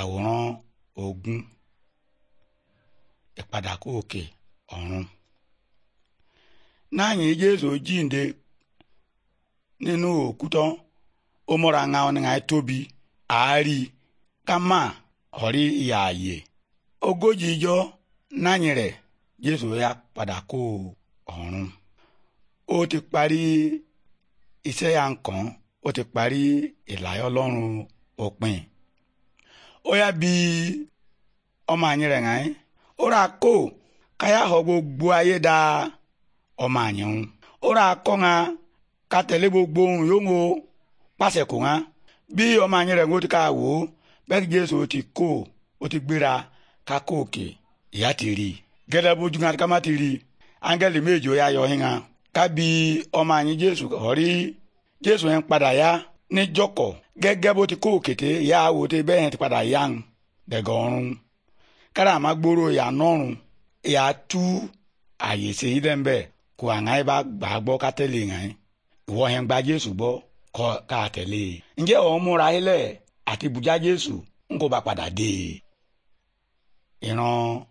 àwòrán ogun ìpadàkó òkè ọ̀run náà yìí jésù jíǹde nínú òkú tán ó múra ŋa wọn ŋa tóbi àárí kámá ọ̀rí ìyá àyè ogójì ijọ́ ya padà ọ̀run ó ti parí iṣẹ́ à ń kàn ti parí ìlàyọ̀ lọ́rùn òpin. óyá bi ọmọ anyi rẹ ŋa yín ko. kó káyà họ gbogbo ayé da ọmọ anyi ŋu óra kọ́ ŋa kátẹ̀lé gbogbo ohun yóò ŋo pàṣẹ kò bi ọmọ anyị rẹ ti ká wò ó ti kó o ti gbera ka kó ke. ya ti rí gẹ́lẹ́ bójú yọ ọmọ ní jọkọ gẹ́gẹ́ bó ti kó òkété ya wo ti bẹ́ẹ̀ ti padà yá ń dẹ̀gọ̀ ọ̀run káràmá gbòòrò yà nọ́run yà tú àyè sí ilẹ̀ ń bẹ̀ kó àná bá gbà á gbọ́ ká tẹ̀lé yẹn ìwọ yẹn